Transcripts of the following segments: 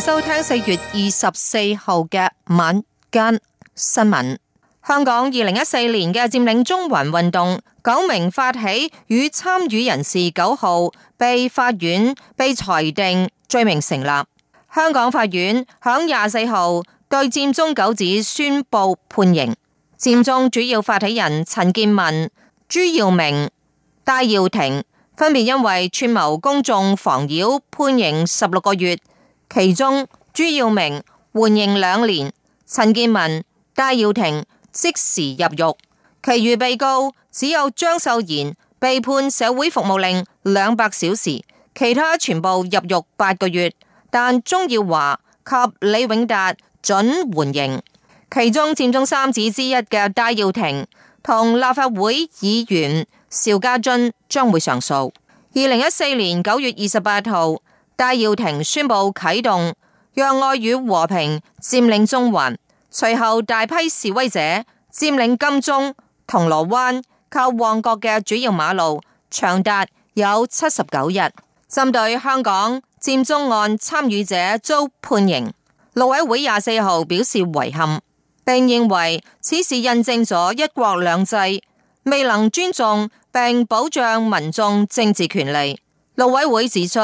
收聽四月二十四號嘅晚間新聞。香港二零一四年嘅佔領中環運動九名發起與參與人士九號被法院被裁定罪名成立。香港法院響廿四號對佔中九子宣布，判刑。佔中主要發起人陳健民、朱耀明、戴耀廷分別因為串謀公眾妨擾判刑十六個月。其中朱耀明緩刑兩年，陳健民、戴耀廷即時入獄，其餘被告只有張秀賢被判社會服務令兩百小時，其他全部入獄八個月。但鍾耀華及李永達准緩刑。其中佔中三子之一嘅戴耀廷同立法會議員邵家臻將會上訴。二零一四年九月二十八號。戴耀廷宣佈啟動，讓愛與和平佔領中環。隨後大批示威者佔領金鐘、銅鑼灣及旺角嘅主要馬路，長達有七十九日。針對香港佔中案參與者遭判刑，陸委會廿四號表示遺憾，並認為此事印證咗一國兩制未能尊重並保障民眾政治權利。陸委會指出，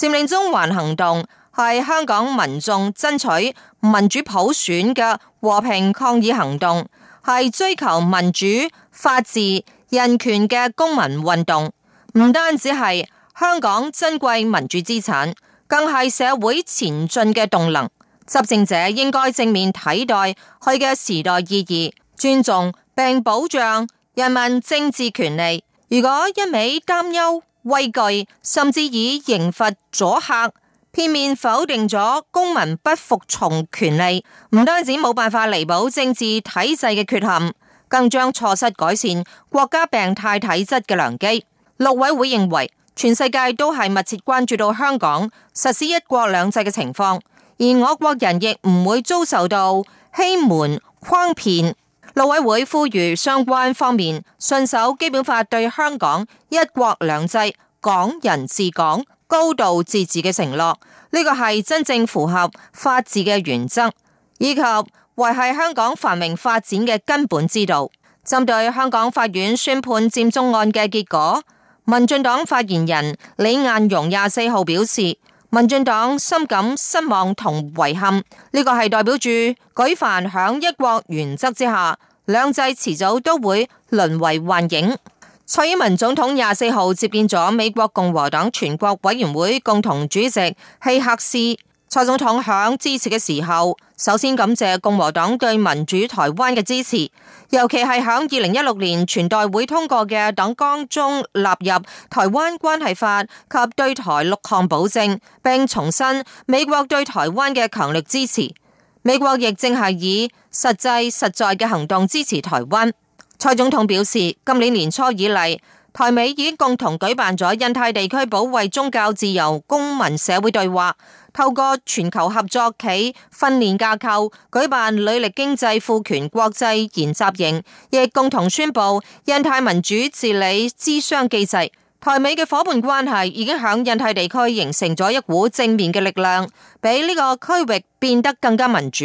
佔領中環行動係香港民眾爭取民主普選嘅和平抗議行動，係追求民主、法治、人權嘅公民運動。唔單止係香港珍貴民主資產，更係社會前進嘅動能。執政者應該正面睇待佢嘅時代意義，尊重並保障人民政治權利。如果一味擔憂，畏懼，甚至以刑罰阻嚇，片面否定咗公民不服從權利，唔單止冇辦法彌補政治體制嘅缺陷，更將錯失改善國家病態體質嘅良機。陸委會認為，全世界都係密切關注到香港實施一國兩制嘅情況，而我國人亦唔會遭受到欺瞞、誆騙。陸委會呼籲相關方面信守《基本法》對香港一國兩制、港人治港、高度自治嘅承諾，呢個係真正符合法治嘅原則，以及維繫香港繁榮發展嘅根本之道。針對香港法院宣判佔中案嘅結果，民進黨發言人李彥榮廿四號表示。民進黨深感失望同遺憾，呢個係代表住舉凡響一國原則之下，兩制遲早都會淪為幻影。蔡英文總統廿四號接見咗美國共和黨全國委員會共同主席希克斯。蔡總統響支持嘅時候，首先感謝共和黨對民主台灣嘅支持，尤其係喺二零一六年全代會通過嘅黨綱中納入台灣關係法及對台六項保證，並重申美國對台灣嘅強力支持。美國亦正係以實際實在嘅行動支持台灣。蔡總統表示，今年年初以嚟，台美已經共同舉辦咗印太地區保衞宗教自由公民社會對話。透過全球合作企訓練架構舉辦女力經濟賦權國際研習營，亦共同宣布印太民主治理諮商機制。台美嘅伙伴關係已經響印太地區形成咗一股正面嘅力量，俾呢個區域變得更加民主、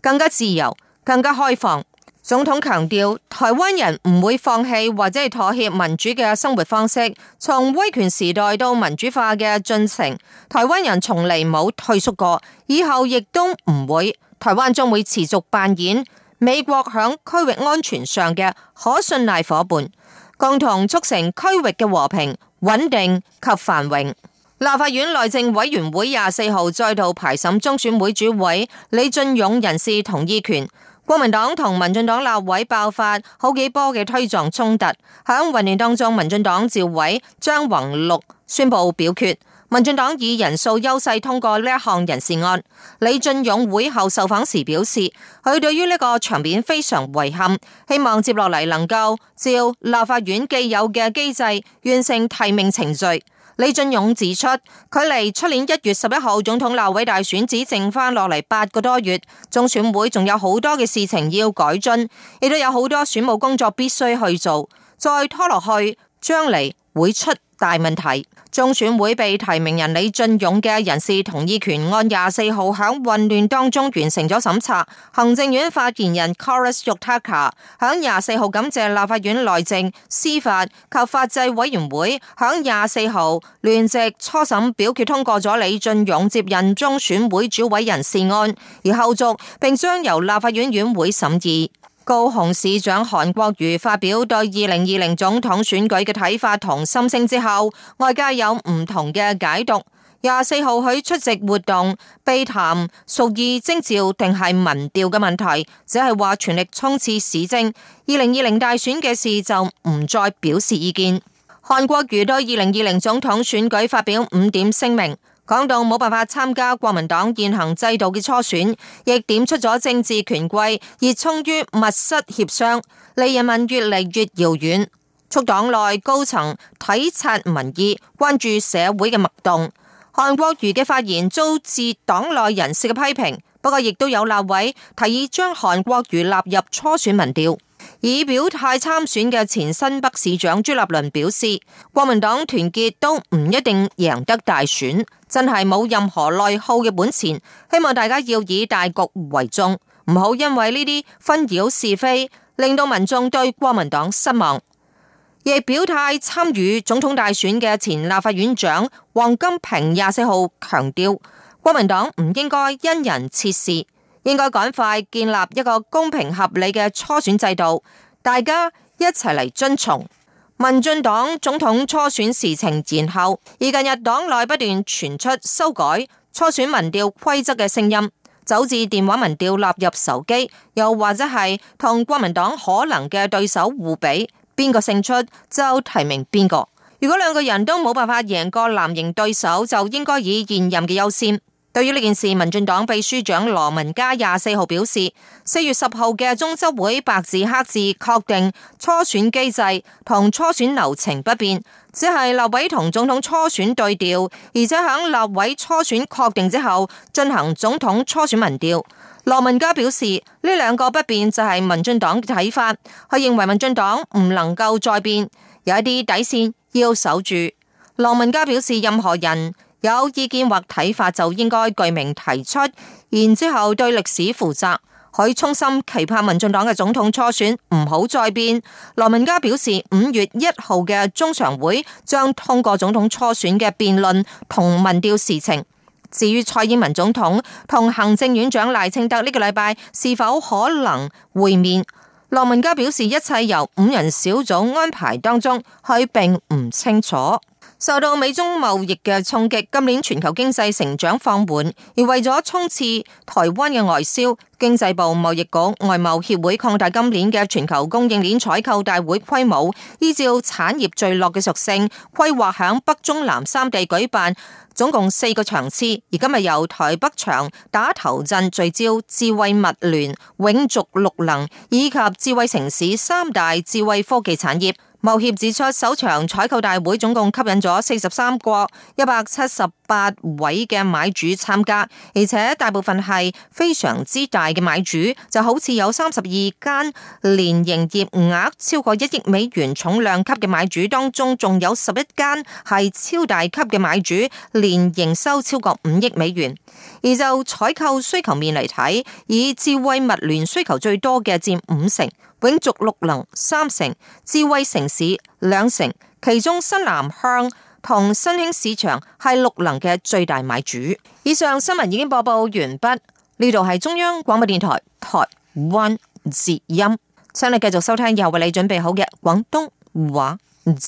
更加自由、更加開放。總統強調，台灣人唔會放棄或者係妥協民主嘅生活方式。從威權時代到民主化嘅進程，台灣人從嚟冇退縮過，以後亦都唔會。台灣將會持續扮演美國響區域安全上嘅可信賴伙伴，共同促成區域嘅和平、穩定及繁榮。立法院內政委員會廿四號再度排審中選會主委李進勇人事同意權。國民黨同民進黨立委爆發好幾波嘅推撞衝突，響混亂當中，民進黨召委張宏陸宣布表決，民進黨以人數優勢通過呢一項人事案。李進勇會後受訪時表示，佢對於呢個場面非常遺憾，希望接落嚟能夠照立法院既有嘅機制完成提名程序。李進勇指出，距離出年一月十一號總統立委大選只剩翻落嚟八個多月，中選會仲有好多嘅事情要改進，亦都有好多選務工作必須去做，再拖落去，將來會出。大問題，中選會被提名人李進勇嘅人事同意權案，廿四號響混亂當中完成咗審查。行政院發言人 Kolas Yotaka 響廿四號感謝立法院內政、司法及法制委員會響廿四號聯席初審表決通過咗李進勇接任中選會主委人事案，而後續並將由立法院院會審議。高雄市長韓國瑜發表對二零二零總統選舉嘅睇法同心聲之後，外界有唔同嘅解讀。廿四號佢出席活動被談屬意徵召定係民調嘅問題，只係話全力衝刺市政，二零二零大選嘅事就唔再表示意見。韓國瑜對二零二零總統選舉發表五點聲明。講到冇辦法參加國民黨現行制度嘅初選，亦點出咗政治權貴熱衷於密室協商，離人民越嚟越遙遠，促黨內高層體察民意，關注社會嘅脈動。韓國瑜嘅發言遭致黨內人士嘅批評，不過亦都有立委提議將韓國瑜納入初選民調，以表態參選嘅前新北市長朱立倫表示，國民黨團結都唔一定贏得大選。真係冇任何內耗嘅本錢，希望大家要以大局為重，唔好因為呢啲紛擾是非，令到民眾對國民黨失望。亦表態參與總統大選嘅前立法院長王金平廿四號強調，國民黨唔應該因人設事，應該趕快建立一個公平合理嘅初選制度，大家一齊嚟遵從。民進黨總統初選事情延後，而近日黨內不斷傳出修改初選民調規則嘅聲音，導致電話民調納入手機，又或者係同國民黨可能嘅對手互比，邊個勝出就提名邊個。如果兩個人都冇辦法贏過藍營對手，就應該以現任嘅優先。對於呢件事，民進黨秘書長羅文嘉廿四號表示，四月十號嘅中執會白紙黑字確定初選機制同初選流程不變，只係立委同總統初選對調，而且喺立委初選確定之後進行總統初選民調。羅文嘉表示，呢兩個不變就係民進黨嘅睇法，佢認為民進黨唔能夠再變，有一啲底線要守住。羅文嘉表示，任何人。有意見或睇法就應該具名提出，然之後對歷史負責。佢衷心期盼民進黨嘅總統初選唔好再變。羅文嘉表示，五月一號嘅中常會將通過總統初選嘅辯論同民調事情。至於蔡英文總統同行政院長賴清德呢個禮拜是否可能會面，羅文嘉表示一切由五人小組安排當中，佢並唔清楚。受到美中貿易嘅衝擊，今年全球經濟成長放緩，而為咗衝刺台灣嘅外銷，經濟部貿易局外貿協會擴大今年嘅全球供應鏈採購大會規模，依照產業聚落嘅屬性，規劃響北中南三地舉辦總共四個場次，而今日由台北場打頭陣，聚焦智慧物聯、永續綠能以及智慧城市三大智慧科技產業。茂協指出，首場採購大會總共吸引咗四十三國一百七十八位嘅買主參加，而且大部分係非常之大嘅買主，就好似有三十二間年營業額超過一億美元重量級嘅買主當中，仲有十一間係超大級嘅買主，年營收超過五億美元。而就採購需求面嚟睇，以智慧物聯需求最多嘅佔五成。永續綠能三成、智慧城市兩成，其中新南向同新興市場係綠能嘅最大買主。以上新聞已經播報完畢，呢度係中央廣播電台台灣節音，請你繼續收聽以下為你準備好嘅廣東話。